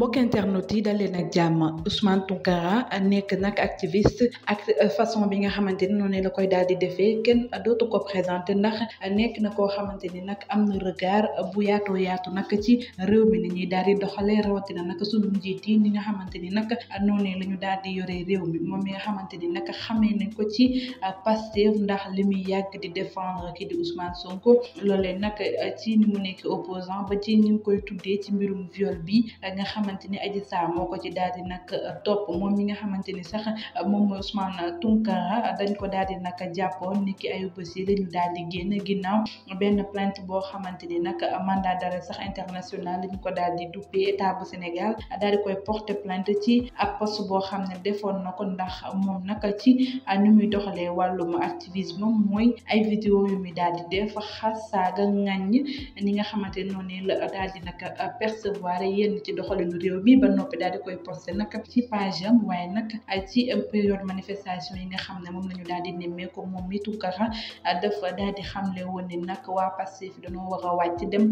mbokk internet yi dal leen ak jàmm Ousmane Tounkara nekk nag activiste ak euh, façon bi nga xamante ni noonu la koy daal di defee kenn dootu ko présenté ndax nekk na koo xamante ni nag am na regard bu yaatoo yaatu nag ci réew mi ni ñuy daal di doxalee rawatina nag suñu njiit yi ni nga xamante ni nag noonu la ñu daal di yoree réew mi moom mi nga xamante ni nag xamee nañ ko ci euh, Pastef ndax li muy yàgg di défendre kii di Ousmane Sonko loolee nag ci ni mu nekk opposant ba ci ñu ngi koy tuddee ci mbirum viol bi nga xam xamante ni Adji Sarr moo ko ci daal di nag euh, topp moom mi nga xamante ni sax euh, moom mooy Ousmane Tounkara euh, dañ ko daal di nag ni ki ayu bés yi dañu daal di génn ginnaaw benn plainte boo xamante ni nag mandat d'arrêt sax international lañ ko daal di duppee bu Sénégal daal di koy porter plainte ci ab poste boo xam ne defoon na ko ndax moom nag ci nu muy doxalee wàllum activisme mooy ay vidéo yu muy daal di def xas saaga ŋàññ ni nga xamante percevoir yenn ci doxalinu réew mi ba noppi daal di koy posté nag ci page am waaye nag ci période manifestation yi nga xam ne moom nañu daal di nemmeeku moom mi Tounkara dafa daal di xamle a wàcc dem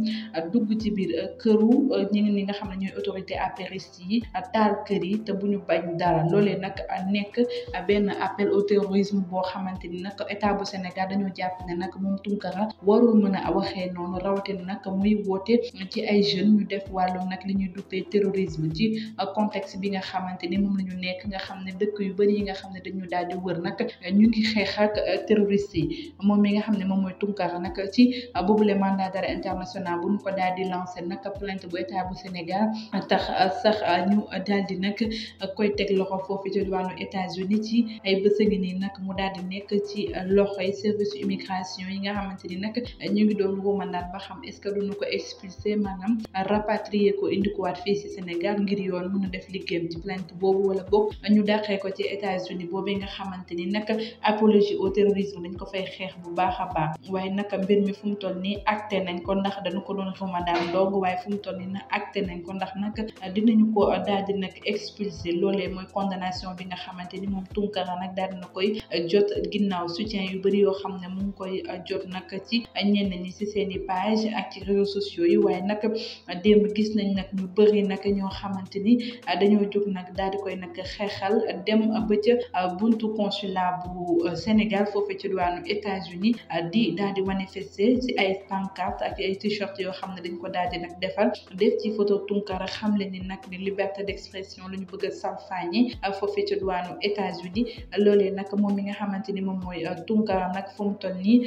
dugg ci biir këru ñi nga xam ne ñooy autorité apériste yi taal kër yi te bu ñu bañ dara loolee nag nekk benn appel au terrorisme boo xamante ni nag état bu Sénégal dañoo jàpp ne nag moom Tounkara warul mën a waxee noonu rawatina nag muy woote ci ay jeunes ñu def wàllum nag li ñuy terrorisme tourisme ci euh, contexte bi nga xamante ni moom la nekk nga xam ne dëkk yu bëri yi nga xam ne dañu daal di wër nag ñu ngi xeex euh, terroriste yi moom mi nga xam ne moom mooy Tunkara nag ci a euh, mandat d'arrêt international bu ñu ko daal di lancé nag plainte bu état bu Sénégal tax sax ñu daal di nag koy teg loxo foofu ci diwaanu États-Unis ci ay bés ngi mu daal di nekk ci loxo yi service immigration yi nga xamante ni nag ñu ngi doon wóomandaat ba xam est-ce que duñu ko expulsé maanaam rapatrier ko indi fii si Sénégal Sénégal ngir yoon mën a def liggéeyam ci plainte boobu wala boog ñu dàqee ko ci États-Unis boobu nga xamante ni nag apologie au terrorisme ko fay xeex bu baax a baax waaye nag mbir mi fu mu toll nii acté nañ ko ndax dañu ko doon xuma daan dong waaye fu mu toll nii nag acté nañ ko ndax nag dinañu ko daal di nag expulsé loolee mooy condamnation bi nga xamante ni moom Tunkara nag daal dina koy jot ginnaaw soutien yu bëri yoo xam ne mu ngi koy jot nag ci ñenn ñi ci seen i page ak ci réseaux sociaux yi waaye nag démb gis nañ nag ñu bëri nag ñoo xamante ni ah, dañoo jóg nag daal di koy nag xeexal dem ba a ah, buntu consulat bu euh, Sénégal foofu ci diwaanu États-Unis ah, di daal di manifester ci ay pancarte ak ay yoo xam ne dañ ko daal di nag defal def ci photo Tunkara xam le ni nag ni liberté d'expression lu ñu bëgg a salfaañi foofu ci diwaanu États-Unis loolee nag moom mi nga xamante ni moom mooy euh, Tunkara nag fu mu toll nii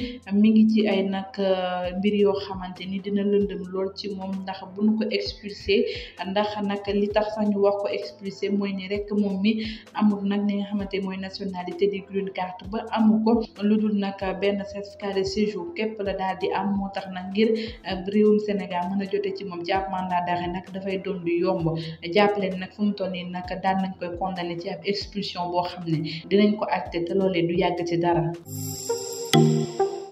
mi ngi ci ay nag euh, mbir yoo xamante ni dina lëndëm lool ci moom ndax bu ñu ko expulsé ndax nag li tax sax ñu wax ko expulsé mooy nii rek moom mi amul nag li nga xamante mooy nationalité di green card ba amu ko lu dul nag benn certificat de séjour képp la daal di am moo tax nag ngir eh, réewum Sénégal mën a jote ci moom jàpp mandat d'arrêt nag dafay doon lu yomb jàppaleen nag fu mu toll nii nag daan nañ koy condamné ci ab expulsion boo xam ne dinañ ko acté te loolee du yàgg ci dara